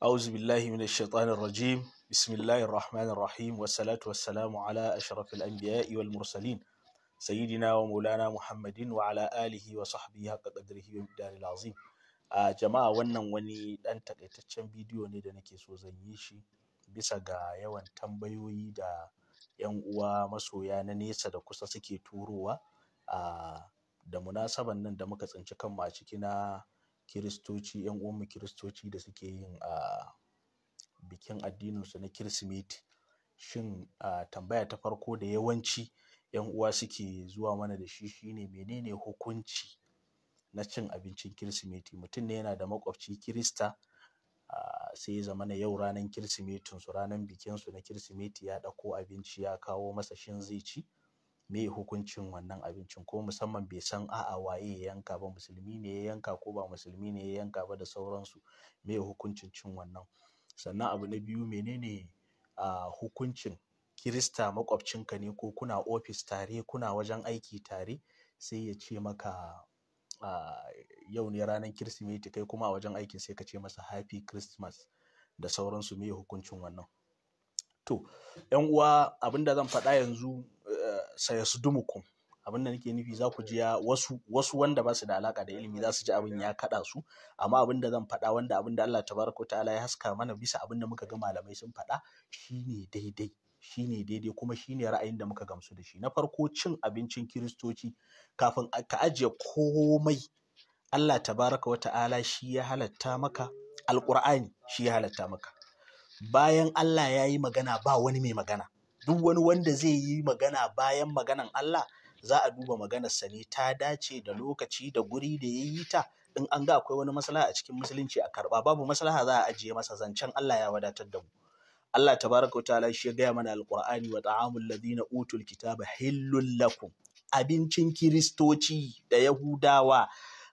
أعوذ بالله من الشيطان الرجيم بسم الله الرحمن الرحيم والصلاة والسلام على أشرف الأنبياء والمرسلين سيدنا ومولانا محمد وعلى آله وصحبه حق قدره ومقداره العظيم a jama'a wannan wani ɗan takaitaccen bidiyo ne da nake so zan yi shi bisa ga yawan tambayoyi da 'yan uwa masoya na nesa da kusa suke turowa ah, da munasaban nan da muka tsinci kanmu a ciki na Kiristoci, 'yan uwanmu Kiristoci da suke yin a bikin addininsu na Kirsimeti. Shin a tambaya ta farko da yawanci 'yan uwa suke zuwa mana da shi shine menene hukunci na cin abincin Kirsimeti? Mutum ne yana da maƙwabci Kirista sai ya zamana yau ranar Kirsimetinsu, ranar bikinsu na Kirsimeti ya ɗauko abinci ya kawo masa shin zai ci? me hukuncin wannan abincin ko musamman bai san a'a waye ya yanka ba musulmi ne ya yanka ko ba musulmi ne ya yanka ba da sauransu me hukuncin cin wannan sannan abu na biyu menene a hukuncin kirista makwabcinka ne ko kuna ofis tare kuna wajen aiki tare sai ya ce maka yau ne ranar kirsimeti kai kuma a wajen aikin sai ka ce masa happy christmas da sauransu me hukuncin wannan to yan uwa abinda zan faɗa yanzu sayasdumukum abin da nake nufi za ku ji wasu wasu wanda ba su da alaka da ilimi za su ji abin ya kada su amma abin da zan faɗa wanda abin da Allah tabaraka ta'ala ya haska mana bisa abin da muka ga malamai sun faɗa shine daidai shine daidai kuma shine ra'ayin da muka gamsu da shi na farko cin abincin kiristoci kafin ka ajiye komai Allah tabaraka ta'ala shi ya halatta maka alqur'ani shi ya halatta maka bayan Allah ya yi magana ba wani mai magana duk wani wanda zai yi magana bayan maganan Allah za a duba maganarsa ne ta dace da lokaci da guri da ya yi ta in an ga akwai wani maslaha a cikin musulunci a karba babu maslaha za a ajiye masa zancen Allah ya wadatar da mu Allah tabaraka wa ta'ala shi ya gaya mana alqur'ani wa ta'amul ladina utul kitaba hillul lakum abincin kiristoci da yahudawa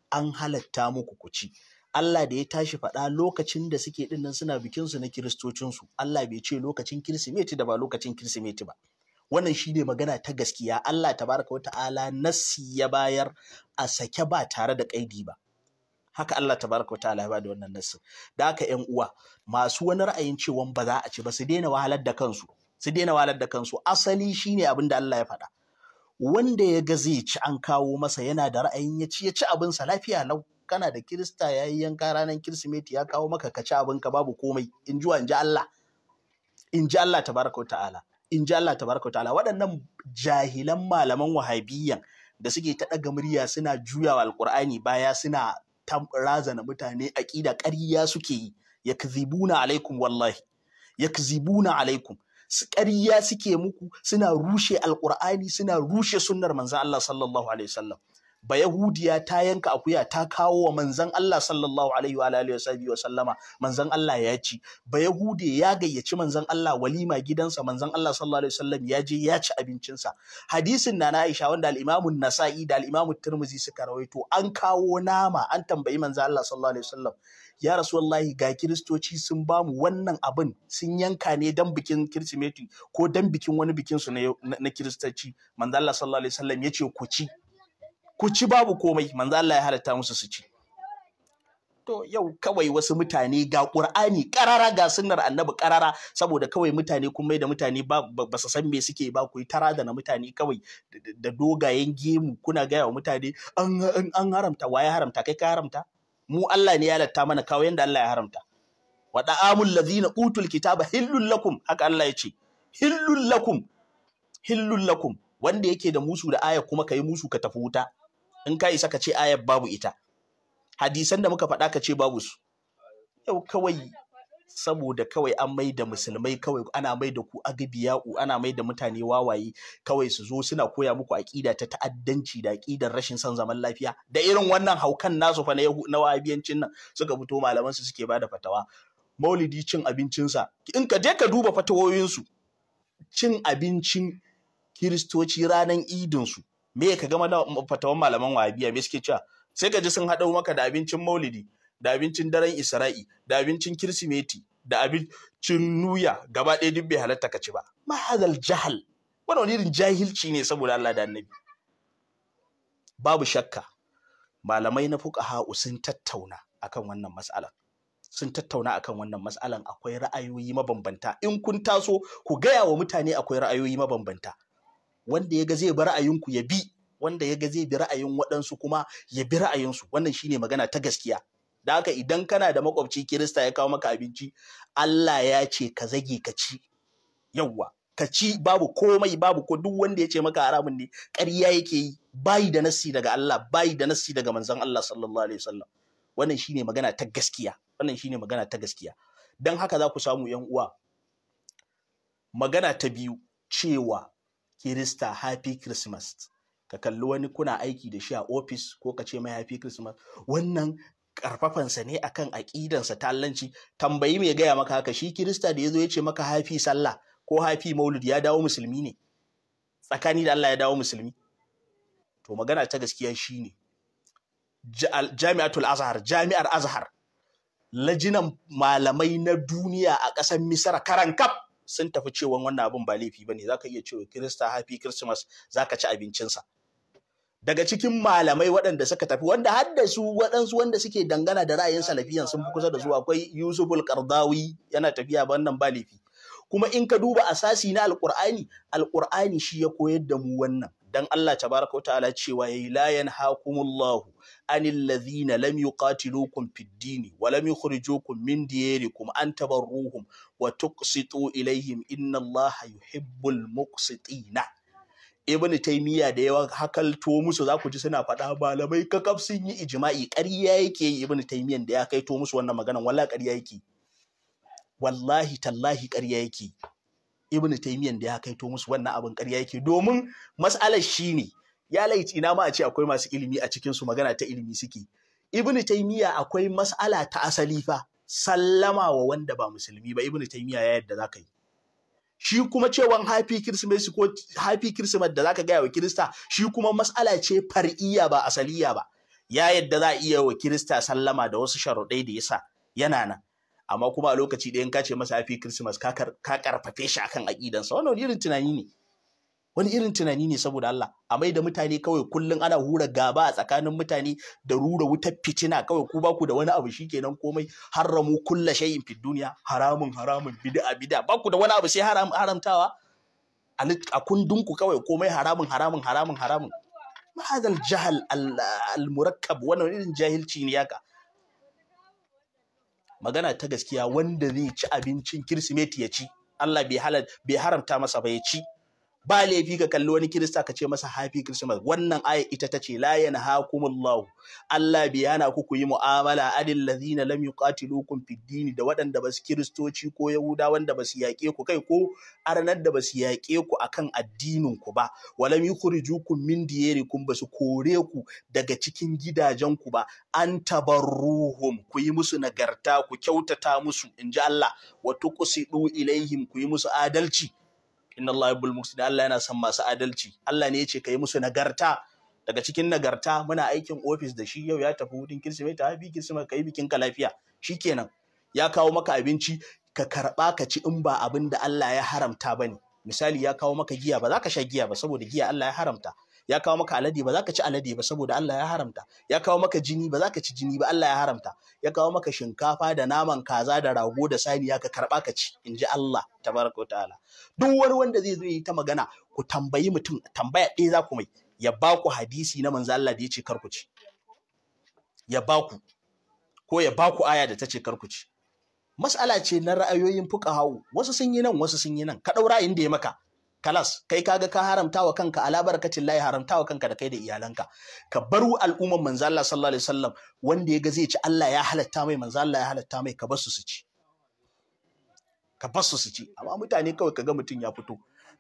an halatta muku ku ci Allah da ya tashi faɗa lokacin da suke ɗin nan suna bikinsu na kiristocinsu Allah bai ce lokacin kirsimeti da ba lokacin kirsimeti ba wannan shi ne magana ta gaskiya Allah tabaraka wa ta'ala nassi ya bayar a sake ba tare da ƙaidi ba haka Allah tabaraka wa ta'ala ya bada wannan nassin da haka ƴan uwa masu wani ra'ayin cewa ba za a ci ba su daina wahalar da kansu su daina wahalar da kansu asali shine abin da Allah ya faɗa wanda ya ga zai ci an kawo masa yana da ra'ayin ya ci ya ci abin sa lafiya lau kana da kirista ya yi yanka ranar kirsimeti ya kawo maka ka ci ka babu komai in ji Allah in ji Allah tabaraka ta'ala in ji Allah tabaraka ta'ala waɗannan jahilan malaman wahabiyyan da suke ta ɗaga murya suna juyawa alqur'ani baya suna razana mutane aƙida ƙarya suke yi yakzibuna alaikum wallahi yakzibuna alaikum ƙarya suke muku suna rushe alƙur'ani suna rushe sunnar manzo Allah sallallahu alaihi wasallam ba yahudiya ta yanka akuya ta kawo wa Manzan Allah sallallahu alaihi wa alihi wa sallama Manzan Allah ya ci ba yahudiya ya gayyaci Manzan Allah walima gidansa Manzan Allah sallallahu alaihi wasallam ya je ya ci abincinsa hadisin na na Aisha wanda al-Imam nasai da al-Imam Tirmidhi suka rawaito an kawo nama an tambayi Manzan Allah sallallahu alaihi wasallam ya rasulullahi ga kiristoci sun ba mu wannan abin sun yanka ne dan bikin kirsimeti ko dan bikin wani bikin su na kiristoci Manzan Allah sallallahu alaihi wasallam ya ce ku ci ku ci babu komai manzo Allah ya halatta musu su ci to yau kawai wasu mutane ga ƙur'ani ƙarara ga sunnar annabi ƙarara saboda kawai mutane kun mai da mutane ba su san me suke ba ku yi tara da na mutane kawai da dogayen gemu kuna gaya wa mutane an haramta wa haramta kai ka haramta mu Allah ne ya halatta mana kawo yanda Allah ya haramta wa da'amul ladzina utul kitaba hillul lakum haka Allah ya ce hillul lakum hillul lakum wanda yake da musu da aya kuma kai musu ka tafi wuta in ka isa ka ce ayar babu ita hadisan da muka faɗa ka ce babu su yau kawai saboda kawai an mai da musulmai kawai ana mai da ku agabiya'u ana mai da mutane wawaye kawai su zo suna koya muku aƙida ta ta'addanci da aƙidar rashin son zaman lafiya da irin wannan haukan nasu fa na wahabiyancin nan suka fito malaman su suke bada fatawa maulidi cin abincinsa in ka je ka duba fatawoyinsu cin abincin kiristoci ranar idinsu me ka gama da fatawan malaman wahabiya me suke cewa sai ka ji sun haɗa maka da abincin maulidi da abincin daren isra'i da abincin kirsimeti da abincin nuya gaba ɗaya duk bai halatta ka ci ba mahazal jahal wani wani irin jahilci ne saboda Allah da annabi babu shakka malamai na fuka ha'u sun tattauna akan wannan mas'alan sun tattauna akan wannan matsalan akwai ra'ayoyi mabambanta in kun taso ku gaya wa mutane akwai ra'ayoyi mabambanta wanda ya ga zai bi ra'ayinku ya bi wanda ya ga zai bi ra'ayin waɗansu kuma ya bi ra'ayinsu wannan shine magana ta gaskiya da haka idan kana da makwabci kirista ya kawo maka abinci Allah ya ce ka zage ka ci yawwa ka ci babu komai babu ko duk wanda ya ce maka haramun ne ƙarya yake yi bayi da nassi daga Allah bayi da nassi daga manzon Allah sallallahu alaihi wasallam wannan shine magana ta gaskiya wannan shine magana ta gaskiya dan haka za ku samu yan uwa magana ta biyu cewa kirista happy christmas ka kalli wani kuna aiki da shi a ofis ko ka ce mai happy christmas wannan karfafansa ne akan aƙidansa tallanci tambayi mai gaya maka haka shi kirista da ya zo ya ce maka hafi sallah ko hafi maulud ya dawo musulmi ne tsakani da Allah ya dawo musulmi to magana ta gaskiya shi ne jami'atul azhar jami'ar azhar lajinan malamai na duniya a ƙasar misra karan kaf sun tafi cewa wannan abin ba laifi bane zaka iya cewa Kirista happy Christmas ka ci abincin sa daga cikin malamai waɗanda suka tafi wanda har da su waɗansu wanda suke dangana da ra'ayin salafiyan sun fi kusa da zuwa. akwai Yusuf al-Qardawi yana tafiya wannan ba laifi kuma in ka duba asasi na alƙur'ani alƙur'ani shi ya koyar da mu wannan dan Allah tabaraka wa ta'ala cewa yayi la hakumullahu anil ladhina lam yuqatilukum fid din wa lam yukhrijukum min diyarikum an tabarruhum wa tuqsitu ilaihim innallaha yuhibbul muqsitina ibn Taymiyyah da yawa hakalto musu za ku ji suna faɗa malamai kakaf sun yi ijma'i ƙarya yake yi ibn Taymiyyah da ya kaito musu wannan magana wallahi ƙarya yake wallahi tallahi ƙarya yake ibn taimiyan da ya kaito musu wannan abin karya yake domin mas'alar shine ya laici ina ma a ce akwai masu ilimi a cikin su magana ta ilimi suke ibn taimiya akwai mas'ala ta asali fa sallama wa wanda ba musulmi ba ibn taimiya ya yadda zaka yi shi kuma cewan happy christmas ko happy christmas da zaka gaya wa kirista shi kuma mas'ala ce far'iyya ba asaliya ba ya yadda za a iya wa kirista sallama da wasu sharuɗai da yasa yana nan amma kuma a lokaci ɗaya in ka ce masa happy christmas ka karfafe shi akan aƙidansa wannan irin tunani ne wani irin tunani ne saboda Allah a mai da mutane kawai kullun ana hura gaba a tsakanin mutane da rura wutar fitina kawai ku baku da wani abu shikenan komai haramu kulla shay'in fid duniya haramun haramun bid'a bid'a baku da wani abu sai haram haramtawa a kundin ku kawai komai haramun haramun haramun haramun ma hadal jahal al murakkab wannan irin jahilci ne yaka magana ta gaskiya wanda zai ci abincin kirsimeti ya ci Allah bai haramta masa ba ya ci ba laifi ka kalli wani kirista ka ce masa happy christmas wannan aya ita ta ce la yanhaakumullahu Allah bai hana ku ku yi mu'amala adil ladina lam yuqatilukum fid din da waɗanda basu kiristoci ko yahuda wanda basu yaƙe ku kai ko arnar da basu yaƙe ku akan addinin ku ba walam yukhrijukum min diyarikum basu kore ku daga cikin gidajen ku ba an tabarruhum ku yi musu nagarta ku kyautata musu inji Allah wa tuqsidu ilaihim ku yi musu adalci inna Allah yabul muqsid Allah yana son masu adalci Allah ne yace kai musu nagarta daga cikin nagarta muna aikin ofis da shi yau ya tafi hutun kirsimeti hafi kirsimeti kai bikin ka lafiya shikenan ya kawo maka abinci ka karba ka ci in ba abin da Allah ya haramta bane misali ya kawo maka giya ba za ka sha giya ba saboda giya Allah ya haramta ya kawo maka alade ba za ka ci alade ba saboda Allah ya haramta ya kawo maka jini ba za ka ci jini ba Allah ya haramta ya kawo maka shinkafa da naman kaza da rago da saniya ka karba ka ci Inji Allah tabaraka ta'ala duk wani wanda zai zo yi ta magana ku tambayi mutum tambaya ɗaya za ku mai ya ba ku hadisi na manzo Allah da ya ce kar ku ci ya ba ku ko ya ba ku aya da ta ce kar ku ci mas'ala ce na ra'ayoyin fuqahawu wasu sun yi nan wasu sun yi nan ka daura ra'ayin da ya maka kalas kai kaga ka haramta wa kanka ala barakatin lahi haramta wa kanka da kai da iyalanka ka baru al'umman manzo Allah sallallahu alaihi wasallam wanda ya ga zai ci Allah ya halatta mai manzo Allah ya halatta mai ka bar su su ci ka bar su su ci amma mutane kawai kaga mutum ya fito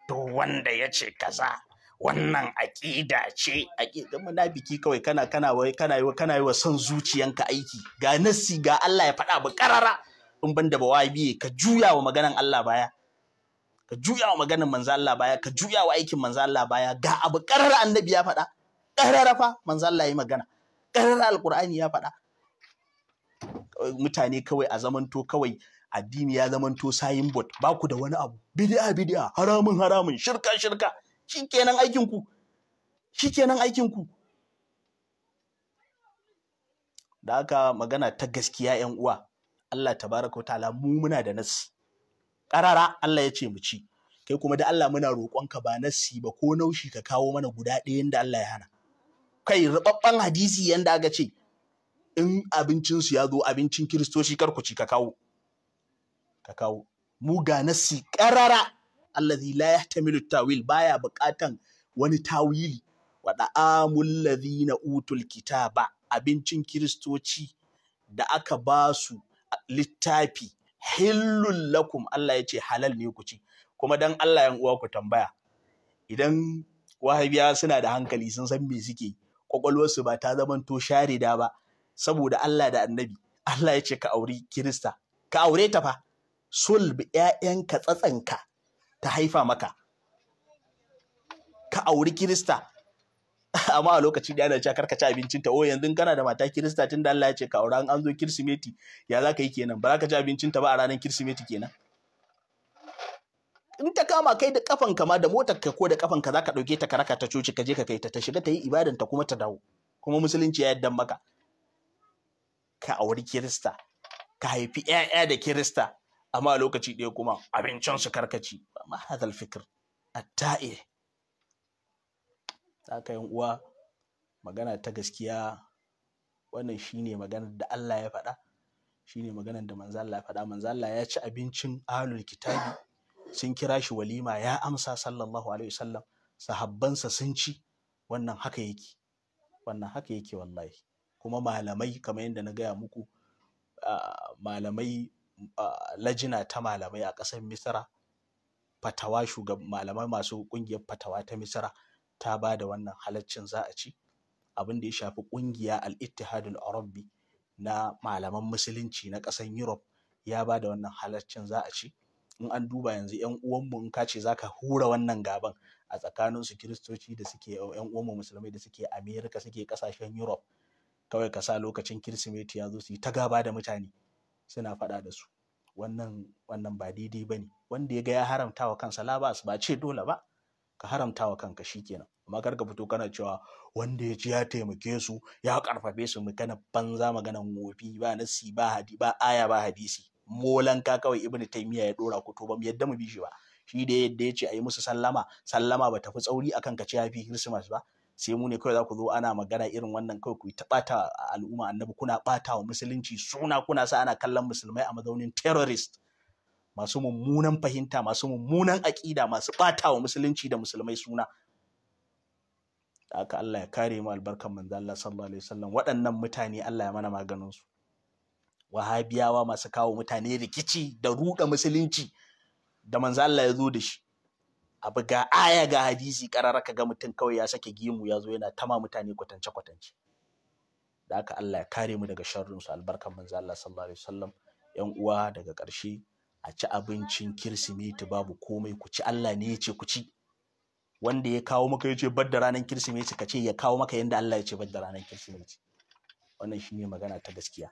to wanda ya ce kaza wannan aƙida ce aƙida muna biki kawai kana kana wai kana yi kana yi wa son zuciyanka aiki ga nasi ga Allah ya faɗa ba karara in banda ba biye ka juya wa maganan Allah baya ka juya wa maganar manzo Allah baya ka juya wa aikin manzo Allah baya ga abu karar annabi ya faɗa karar fa manzo Allah ya magana karar alqur'ani ya faɗa mutane kawai a zamanto kawai addini ya zamanto sayin bot ba ku da wani abu bid'a bid'a haramun haramun shirka shirka shikenan aikin ku shikenan aikin ku da haka magana ta gaskiya yan uwa Allah tabaraka wa ta'ala mu muna da nasi karara Allah ya ce mu ci kai kuma da Allah muna roƙonka ba nasi ba ko naushi ka kawo mana guda ɗaya da Allah ya hana kai rubabban hadisi yanda aka ce in abincinsu ya zo abincin kiristoci ci ka kawo ka kawo mu ga nasi karara allazi la yahtamilu tawil baya buƙatan wani tawili wa da'amul ladhina utul kitaba abincin kiristoci da aka ba su littafi hillul lakum Allah ya ce halal ne ku ci kuma dan Allah yan uwa ku tambaya idan wahabiya suna da hankali sun san me suke su ba ta zaman to share da ba saboda Allah da annabi Allah ya ce ka auri kirista ka aure ta fa sulb ka tsatsanka ta haifa maka ka auri kirista amma a lokaci da ana cewa karka ci abincin ta o oh, yanzu kana da mata kirista tun da Allah ya ce ka aure an zo kirsimeti ya za ka yi kenan ba za ka ci abincin ta ba a ranar kirsimeti kenan in ta kama kai da kafan ma da motar ka ko da kafan ka zaka dauke ta ka raka ta coci ka je ka kai ta ta shiga ta yi ibadan ta kuma ta dawo kuma musulunci ya yaddan maka ka auri kirista ka haifi ƴaƴa da kirista amma a lokaci ɗaya kuma abincin su karkaci ma hadal fikr at-ta'i haka yan uwa magana ta gaskiya wannan shine maganar da Allah ya faɗa shine maganar da manzo Allah ya faɗa manzo Allah ya ci abincin ahlul kitabi sun kira shi walima ya amsa sallallahu alaihi wasallam sahabbansa sun ci wannan haka yake wannan haka yake wallahi kuma malamai kamar yadda na gaya muku malamai lajina ta malamai a ƙasar misira fatawa malamai masu ƙungiyar fatawa ta misira ta ba da wannan halaccin za a ci abin da ya shafi ƙungiya al-ittihadul arabi na malaman musulunci na ƙasar europe ya ba da wannan halaccin za a ci in an duba yanzu yan uwanmu in ka ce za ka hura wannan gaban a tsakaninsu kiristoci da suke yan uwanmu musulmai da suke Amerika suke ƙasashen europe kawai ka sa lokacin kirsimeti ya zo su yi ta gaba da mutane suna faɗa da su wannan ba daidai ba ne wanda ya ga ya haramta wa kansa labas ba ce dole ba ka haramta wa kanka shikenan amma kar ka fito kana cewa wanda ya ci ya taimake su ya karfafe su magana banza maganan wofi ba nasi ba hadi ba aya ba hadisi molanka kawai ibnu taymiya ya dora ku to ba mu yadda mu bi shi ba shi da yadda ya ce a musu sallama sallama ba fi tsauri akan ka ci fi christmas ba sai mu ne kawai za ku zo ana magana irin wannan kawai ku yi taɓata al'umma annabi kuna ɓata wa musulunci suna kuna sa ana kallon musulmai a mazaunin terrorist masu mummunan fahimta masu mummunan aƙida masu ɓata wa musulunci da musulmai suna da aka Allah ya kare mu albarkan manzo Allah sallallahu alaihi wasallam waɗannan mutane Allah ya mana maganin su wahabiyawa masu kawo mutane rikici da ruɗa musulunci da manzo Allah ya zo da shi abu ga aya ga hadisi qarara kaga ga mutum kawai ya sake gimu ya zo yana tama mutane kwatance kwatance da aka Allah ya kare mu daga sharrin su albarkan manzo Allah sallallahu alaihi wasallam yan uwa daga ƙarshe a ci abincin kirsimeti babu komai ku ci Allah ne ya ce ku ci wanda ya kawo maka ya ce bar da ranar kirsimeti ka ce ya kawo maka yadda Allah ya ce bar da ranar kirsimeti wannan shi ne magana ta gaskiya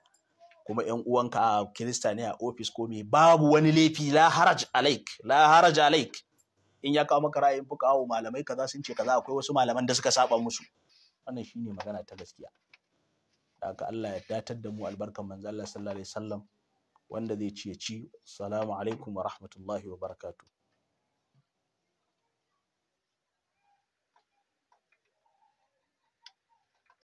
kuma yan uwanka a kirista ne a ofis ko me babu wani laifi la haraj alaik la haraj alaik in ya kawo maka ra'ayin fuka awo malamai kaza sun ce kaza akwai wasu malaman da suka saba musu wannan shi ne magana ta gaskiya haka Allah ya datar da mu albarkan manzo Allah sallallahu alaihi wasallam wanda zai ci ya ci salamu alaikum wa rahmatullahi wa barakatuh